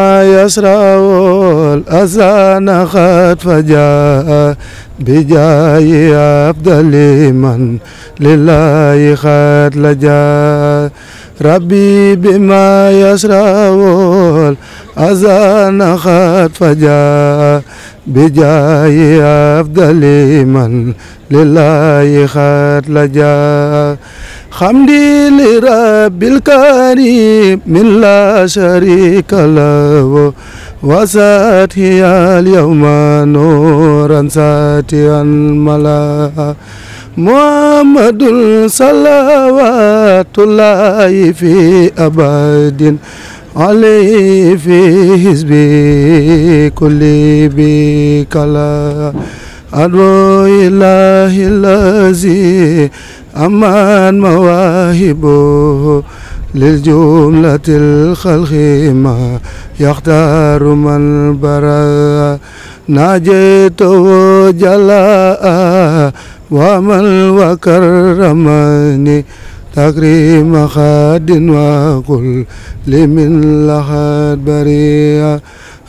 يسرع الأذان قد فجاء بجاي عبد لمن لله قد لجا ربي بما يسرع الأذان قد فجاء بجاي عبد لمن لله قد لجا حمدي لرب الكريم من لا شريك له وساتي اليوم نورا ساتيا ملا محمد صلوات الله في أبد عليه في حزب كل بكلا عدو إله الذي أمان مواهبه للجملة الخلق ما يختار من برا ناجيته جلاء ومن وكرمني تكريم خاد وكل لمن لحد بريا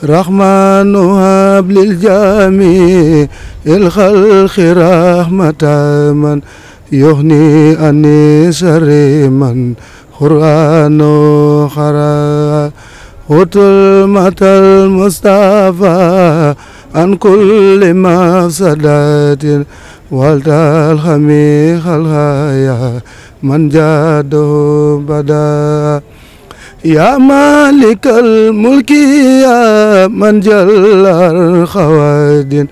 رحمن هب للجميع الخلق رحمة من يغني أني سري من قرآن خرا وتلمة المصطفى عن كل مفسدة والتلخمي خلها من جاده بدا يا مالك الملك يا من جل الخوادم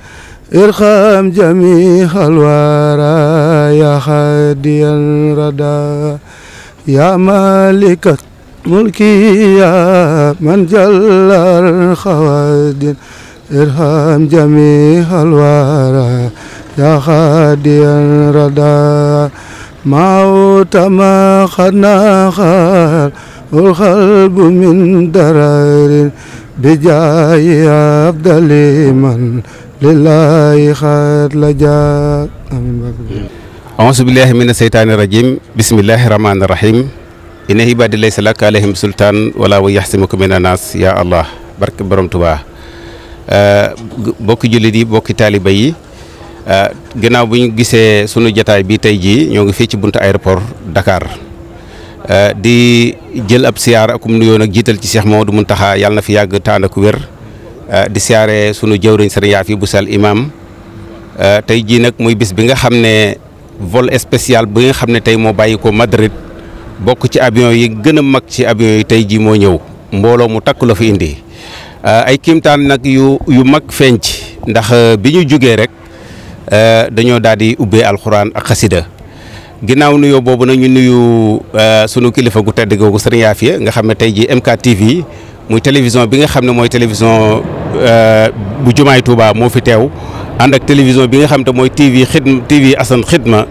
ارحم جميع الورى يا هادي الردى يا مالك الملك يا من جل الخوادم ارحم جميع الورى يا هادي الردى ما تما خدنا خال والقلب من درر بجاي أفضل من لله خير لجاء آمين أعوذ بالله من الشيطان الرجيم بسم الله الرحمن الرحيم إن عبادي ليس لك عليهم سلطان ولا ويحسمك من الناس يا الله barke borom Tuubaa bokki jullit yi bokki taaliba yi gannaaw bu ñu gisee sunu jataay bi tey jii ñoo ngi fii ci buntu aéroport Dakar Eh, di jël ab siyaar akum nuyoo nag jiital ci Cheikh Mamadou Muntaxa yàlla na fi yàgg tànn ak wér eh, di siyaare sunu jëwriñ sëriñ Yaafi bu sal imam eh, tey jii nag muy bis bi nga xam ne vol spécial bi nga xam ne tey moo bàyyi ko Madrid bokk ci avion yi gën a mag ci avion yi tey jii moo ñëw mbooloo mu takk la fi indi ay kiimtaan nag yu yu mag feeñ ci ndax bi ñu jógee rek dañoo daal di ubbee alxuraan ak xasida ginnaaw nuyoo boobu nag ñu nuyu euh, sunu kilifa gu tedd googu Serigne Afia nga xam ne tey jii MK TV muy télévision bi nga xam ne mooy télévision euh, bu Jumaay Touba moo fi teew ànd ak télévision bi nga xam te mooy TV xidma TV Assane xidma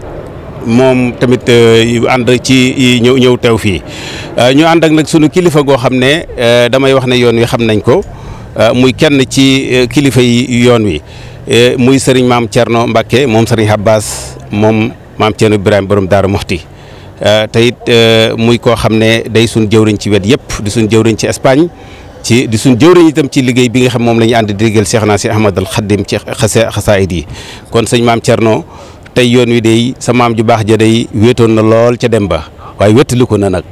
moom tamit euh, ànd ci ñëw ñëw teew fii ñu ànd ak nag sunu kilifa goo xam ne damay wax ne yoon wi xam nañ ko muy kenn ci kilifa yi yoon wi muy Serigne maam Thierno Mbacke moom Serigne baas moom. maam Thierno Ibrahima borom Daaru Muxti euh, te it euh, muy koo xam ne day suñ jëwriñ ci wet yëpp di suñ jëwriñ ci Espagne ci di suñ jëwriñ itam ci liggéey bi nga xam moom la ñu ànd déggal Cheikh naa si Ahmadal Xadim ci xasaayid yi kon sëñ maam Thierno tey yoon wi day sa maam ju baax ja day wéetoon na lool ca dem ba waaye wéttali ko na nag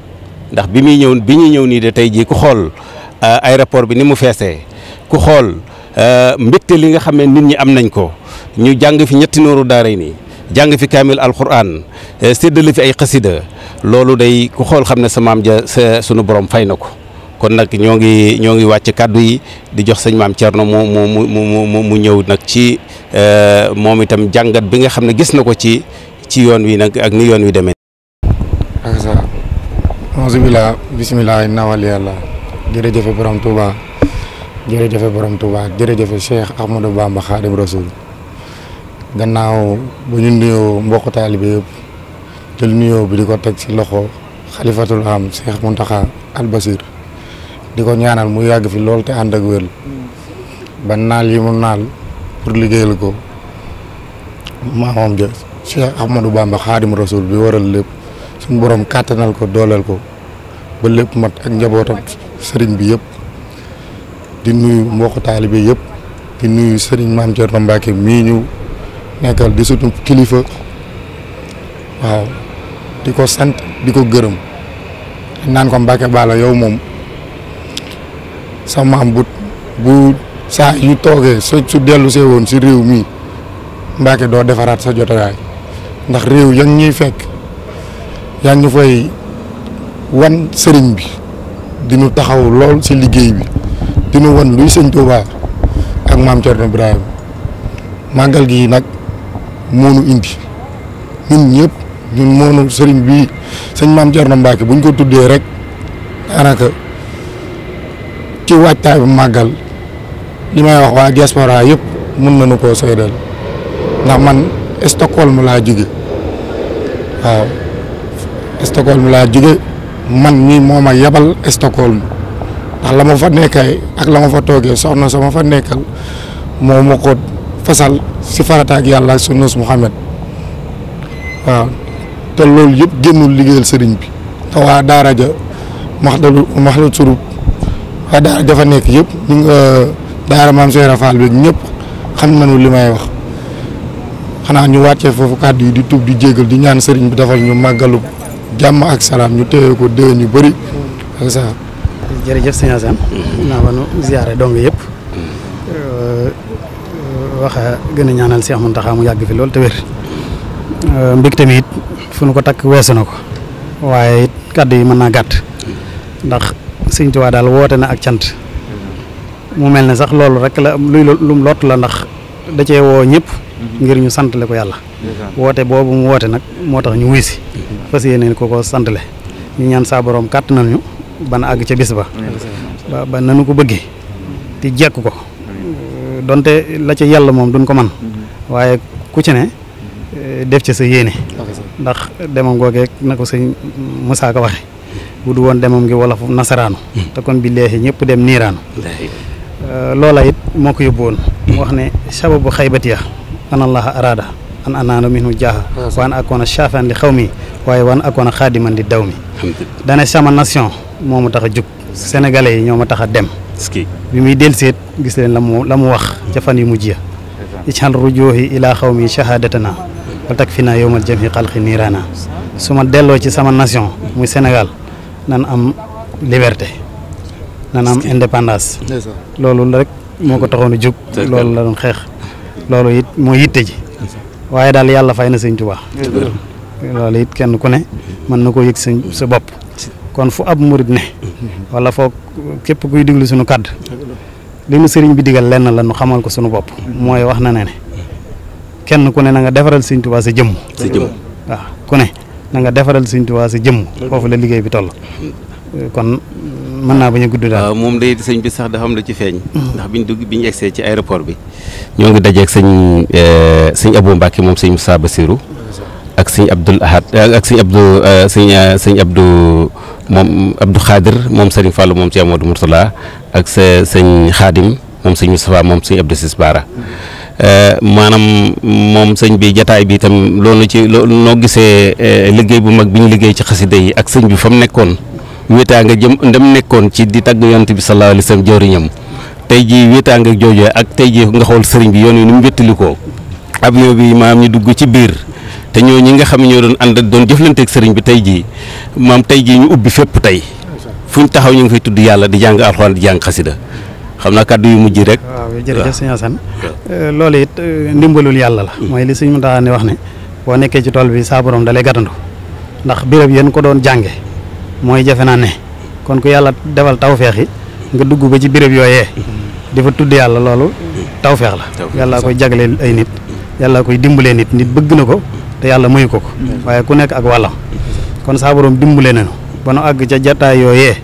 ndax bi muy ñëw bi ñuy ñëw nii de tey jii ku xool euh, aéroport bi ni mu feesee ku xool mbégte li nga xam ne nit ñi am nañ ko ñu jàng fi ñetti nooru daaray nii jàng fi kaamil alxuraan eh, séddale fi ay xasida loolu day ku xool xam ne sa maam ja sunu borom fay na ko kon nag ñoo ngi ñoo ngi wàcc kàddu yi di jox sëñ maam Thierno mu mu mu mu mu ñëw nag ci eh, moom itam jàngat bi nga xam ne gis na ko ci ci yoon wi nag ak ni yoon wi demee. ak sa alhamdulilah bisimilah nawal yàlla jërëjëf borom Touba jërëjëf borom Touba jërëjëf Cheikh Ahmadou Bamba Khadim Rasoul gannaaw bu ñu nuyoo mboqu taalibe yëpp jël nuyoo bi di ko teg ci loxo xalifatul am Cheikh Mountakha Al di ko ñaanal mu yàgg fi lool te ànd ak wér ba naal yi mu naal pour liggéeyal ko maamam ja Cheikh Ahmadou Bamba Xaadim Rasul bi waral lépp suñu borom kàttanal ko dooleel ko ba lépp mat ak njabootam sëriñ bi yëpp di nuyu mbokk taalibe yëpp di nuyu sëriñ maam Thierno Mbacke mii ñu. nekkal di sutu kilifa waaw di ko sant di ko gërëm naan ko Mbacke bala yow moom sa maam bu bu saa yu toogee sa su dellu see woon si réew mi Mbacke doo defaraat sa jotaay ndax réew yaa ngi ñuy fekk yaa ngi ñu fay wan sëriñ bi dinu taxaw lool si liggéey bi dinu wan luy sëñ Touba ak maam Thierno màggal gi nag. moonu indi ñun ñëpp ñun moonu sëriñ bii sëñ maam Thierno Mbacke buñ ko tuddee rek daanaka ci waajtaay bu màggal li may wax waa diaspora yëpp mun nañu koo seedal ndax man Stockholm laa jóge waaw Stockholm laa jóge man mii moo ma yebal Stockholm ndax la ma fa nekkee ak la ma fa toogee soxna sama fa nekkal moo ma ko fasal si farata yàlla ak sunnas Muhammad waaw te loolu yëpp génnul liggéeyal sëriñ bi te waa daara ja maxdalu maxdal surub waa daara ja fa nekk yëpp ñu ngi euh, daara maam Seera Fall bi ñëpp xam nañu li may wax xanaa ñu wàccee foofu kàddu yi di tub di jégal di ñaan sëriñ bi defal ñu màggalu jàmm ak salaam ñu téye ko déwén yu bëri ak sa naa ba nu ziyaare dong yëpp wax gën a ñaanal Cheikh Mountakha mu yàgg fi lool te wér euh, mbégte mi it fu nu ko takk weesu na ko waaye it kàddu yi mën naa gàtt ndax Sëñ Tuubaa daal woote na ak cant mu mel ne sax loolu rek la luy lum lott la ndax da cee woo ñëpp ngir ñu santale ko yàlla woote boobu mu woote nag moo tax ñu wuy si fas yéene ko ko santale ñu ñaan saa kàtt na ñu ban àgg ca bis ba ba nanu ko bëggee di jekk ko donte la ca yàlla moom duñ ko man mhm. waaye ku ci ne mhm. def ci sa yéene ndax demam googeeg na ko sëñ Moussa Ka waxe bu du woon demam gi wala fu nasaraanu mhm. te kon bi leexi ñëpp dem niiraanu euh, loola it moo ko yóbbu woon wax ne sababu xaybatiya an allaha araada an anaana minhu jaaha ah, waan akoon a chafan li xaw mi waaye waan akoon a xaadiman li daw mi dane sama nation moo tax a jug sénégalais yi ñoo ma tax a dem ski bi muy delseet gis leen la mu la mu wax ca fan yu mujj ya ical rujoohi ilaa xaw mi shahadatana wal tak fi naa yowmal jami xalqi niirana su ma delloo ci sama nation muy Sénégal nan am liberté nan am indépendance loolu rek moo ko taxoon a jóg loolu la doon xeex loolu moo yitte ji waaye daal yàlla fay na sëñ loolu it kenn ku ne na koo yëg sa bopp kon fu ab murit ne wala foo képp kuy diglu sunu kàdd li nu sëriñ bi digal lenn la nu xamal ko suñu bopp mooy wax na ne ne kenn ku ne na nga defaral sëriñ Tuubaa sa jëmm sa jëmm waaw defaral sëriñ Tuubaa sa jëmm foofu la liggéey bi toll kon mën naa bañ a gudd daal moom day sëñ bi sax dafa am ci feeñ mm. ndax biñ dugg biñu egsee ci aéroport bi ñoo ngi dajeeg sëñ eh, sëñ Abou Mbacke moom sëñ Moussa Bassirou ak sëñ Abdul Ahad ak sëñ Abdou euh, sëñ euh, sëñ Abdou moom Abdou Khadir moom sëriñ Fallou moom sëñ Amadou Mourtala ak sa sëñ Khadim moom sëñ Moustapha moom sëñ Abdou Sis euh, maanaam moom sëñ bi jataay bi itam loolu ci loolu noo gisee liggéey bu mag bi ñu liggéey ci xasida yi ak sëñ bi fa mu nekkoon wéetaa nga jëm ndam nekkoon ci di tagg yonent bi sallallahu alayhi wa sallam tey jii wéetaa nga joojoo ak tey ji nga xool sëriñ bi yoon wi ni mu wéttali ko avion bi maanaam ñu dugg ci biir te ñoo ñi nga xam ne ñoo doon ànd doon jëflanteeg sëriñ bi tey jii maam tey jii ñu ubbi fépp tey fu ñu taxaw ñu ngi fay tudd yàlla di jàng alxuraan di jàng xasida xam naa kàddu yu mujj rek. waaw jërëjëf sëñ Assane euh, loolu it euh, ndimbalul yàlla la. mooy li suñu mëntaan ne wax ne boo nekkee ci tool bi saa borom dalay gàttandu ndax béréb yéen ko doon jànge mooy jafe naa ne kon ku yàlla defal tawféex yi nga dugg ba ci béréb yooyee. di fa tudd yàlla loolu tawféex la. yàlla koy jagleel ay nit yàlla koy dimbalee nit nit bëgg na ko te yàlla mayu ko ko mm-hmm. waaye ku nekk ak wàlla kon saa borom dimbale nañu ba nu àgg ca jataay yooyee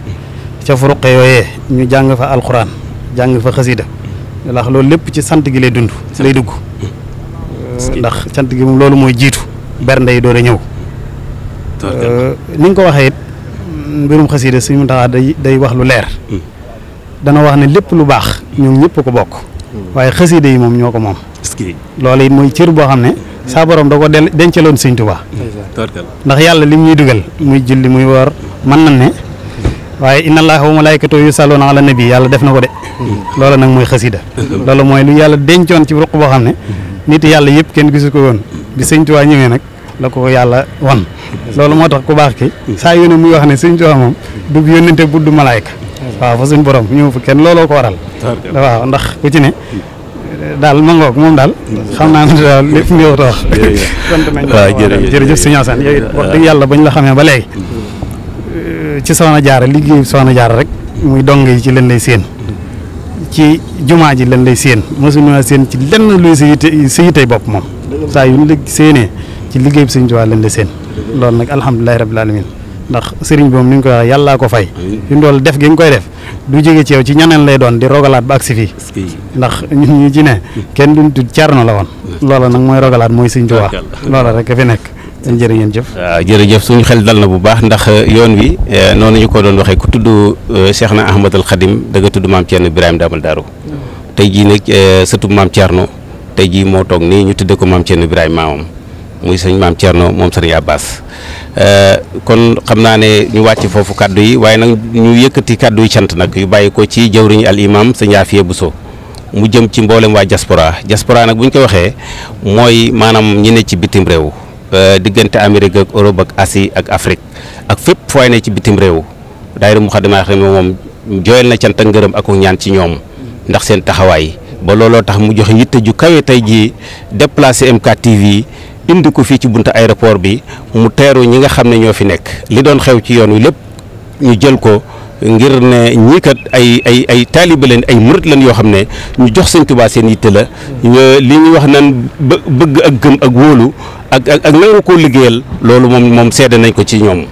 ca furuqe yooyee ñu jàng fa alxuraan jàng fa xasida ndax loolu lépp ci sant gi lay dund lay dugg mm-hmm. euh, ndax sant gi moom loolu mooy jiitu bernde yi doon a ñëw euh, ni nga ko waxee it mbirum xasida suñu mu taxaa day day wax lu leer mm. dana wax ne lépp lu baax ñoom ñëpp ko bokk mm. waaye xasida yi moom ñoo ko moom loolu it mooy cër boo xam ne saa borom da ko del dencaloon sëñ Tuubaa ndax yàlla lim ñuy dugal muy julli muy woor mën na ne waaye inna allaha wa malaikatahu yusalluna ala nabi yàlla def na ko de loolu nag mooy xasida loolu mooy lu yàlla dencoon ci ruq boo xam ne nit yàlla yëpp kenn gisu ko woon bi sëñ Tuubaa ñëwee nag la ko yàlla wan loolu moo tax ku baax ki saa yónne muy wax ne sëñ Tuubaa moom du yónnente bu du malaayka waaw fa suñ borom ñëw fa kenn looloo ko waral waaw ndax ku daal ma ngoog moom daal xam naa ne daal lépp nga war a wax. Ah, jërëjëf jërëjëf sëñ Assane yow yàlla bañ la xamee ba léegi euh, ci soxna jaara liggéey soxna jaara rek muy dong ci leen lay séen ci jumaa ji leen lay séen mosuñu séen ci lenn luy sa yite sa yitey bopp moom saa yu ñu la ci liggéey bi sëñ Tuubaa leen lay séen loolu nag alhamdulilah rabil alamin ndax sëriñ bi moom ni ñu koy waxee yàllaa ko fay fi mu def gi nga koy def du jóge ci yow ci ñaneen lay doon di rogalaat ba agsi fii ndax ñun ñi ne kenn duñ tudd Cerno la woon loola nag mooy rogalaat mooy Sëriñ Tuubaa loola rek ka fi nekk sëñ jërë ngeen jëf waaw ah, jërëjëf suñu xel dal na bu baax ndax eh, yoon wi eh, noonu ñu ko doon waxee ku tudd eh, Cheikh na Ahmadul Xadim da nga tudd maam Cerno Ibrahima daamal Daaru mm. tey jii nag sëtu maam Cerno tey jii moo toog nii ñu tudde ko maam Cerno Ibrahima muy sëñ maam Thierno moom sëñ Abbas euh, kon xam naa ne ñu wàcc foofu kaddu yi waaye nag ñu yëkkati kàddu yi cant nag yu bàyyi ko ci jëwriñ al imam sëñ Afia Bousso mu jëm ci mboolem waa diaspora diaspora nag bu ñu ko waxee mooy maanaam ñi ne ci bitim réew euh, diggante Amérique ak Europe ak Asie ak Afrique ak fépp fooy ne ci bitim réew daayira Moukhaddamatoul Khidma moom jooyal na cant ak ngërëm ak ñaan ci ñoom ndax seen taxawaay ba looloo tax mu joxe yitte ju indi ko fii ci buntu aéroport bi mu teeru ñi nga xam ne ñoo fi nekk li doon xew ci yoon wi lépp ñu jël ko ngir ne ñii ay ay ay taaliba ay murit lan yoo xam ne ñu jox seen Tuubaa seen yitte la li ñuy wax naan bëgg ak gëm ak wóolu ak ak ak nangu koo liggéeyal loolu moom moom seede nañ ko ci ñoom.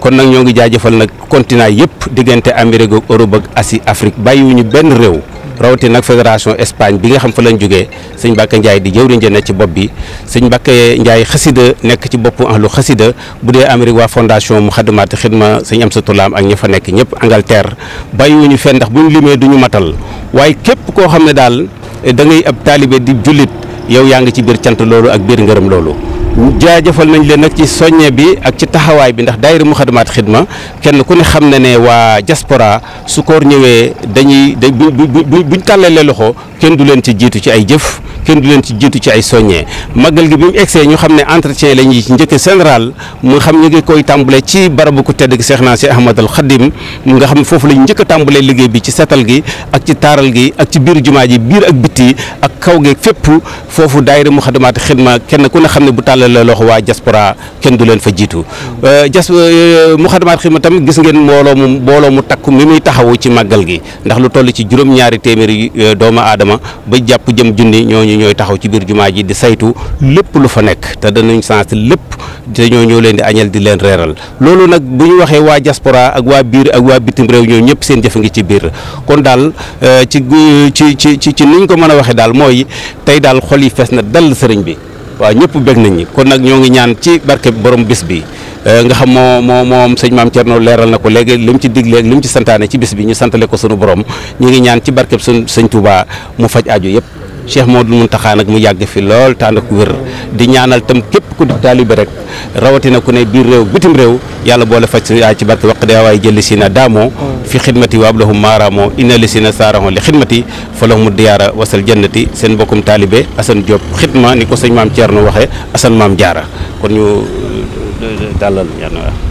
kon nag ñoo ngi jaajëfal nag continent yëpp diggante Amérique ak Europe ak Asie Afrique ñu benn réew. rawatin ak fédération Espagne bi nga xam fa lañ jógee sëñ Mbàkke Njaay di jëwriñ ja nekk ci bopp bi sëñ Mbàkke Njaay xasida nekk ci bopp ahlu xasida bu dee Amérique waa fondation Muxaddamaat Xidma sëñ Amsatu Laam ak ña fa nekk ñëpp Angleterre bàyyiwuñu fenn ndax bu ñu limee du ñu matal waaye képp koo xam ne daal eh, da ngay ab taalibe di jullit yow yaa ngi ci biir cant loolu ak biir ngërëm loolu jaajëfal nañ leen nag ci soññe bi ak ci taxawaay bi ndax daayira Muxadamaat Xidma kenn ku ne xam ne ne waa diaspora su koor ñëwee dañuy buñ tàllalee loxo kenn du leen ci jiitu ci ay jëf kenn du leen ci jiitu ci ay soññee màggal gi bi mu egsee ñu xam ne entretien la ñuy njëkk général mu xam ñu ngi koy tàmbale ci barabu ku tedd gi Seex naa si Ahmadul Xadim nga xam ne foofu lañ njëkk a liggéey bi ci setal gi ak ci taaral gi ak ci biir jumaa ji biir ak bitti ak kaw geeg fépp foofu daayira mu xadamaati xidma kenn ku ne xam ne bu tàllal la loxo waa diaspora kenn du leen fa jiitu jas euh, euh, mu xadamaati xidma tam gis ngeen mbooloo mu mbooloo mu takku mi muy taxawu ci màggal gi ndax lu toll ci juróom-ñaari téeméeri euh, doomu aadama ba jàpp jëm junni ñooñu ñooy taxaw ci biir jumaa ji di saytu lépp lu fa nekk te danañ sens lépp te ñoo ñëw leen di añal di leen reeral loolu nag bu ñu waxee waa diaspora ak waa biir ak waa bitim réew ñoo ñëpp seen jafe ngi ci biir kon daal euh, ci ci ci ci ci niñ ko mën a waxee daal mooy tey daal xol yi fees na dal sëriñ bi waaw ñëpp bég nañ ñi kon nag ñoo ngi ñaan ci barke borom bis bi euh, nga xam moo moo moom sëñ maam Thierno leeral na ko léegi lu mu ci digle lu mu ci santaane ci bis bi ñu santale ko borom ñu ngi ñaan ci barkeb sunu sëñ Touba mu faj aju yëpp. Cheikh Modou Mountakha nag mu yàgg fi lool tànn ku wér di ñaanal tam képp ku di taalibe rek rawatina ku ne biir réew bitim réew yàlla boole faj si ci barke waq de waaye jëli si na daamoo fi xidmati waab lahum maaraamoo ina li si na saaraxoon li xidmati fa lahum diyaara wasal jannati seen bokkum taalibe asan Diop xidma ni ko sëñ maam Thierno waxe Assane maam Diarra kon ñu euh, dalal yàlla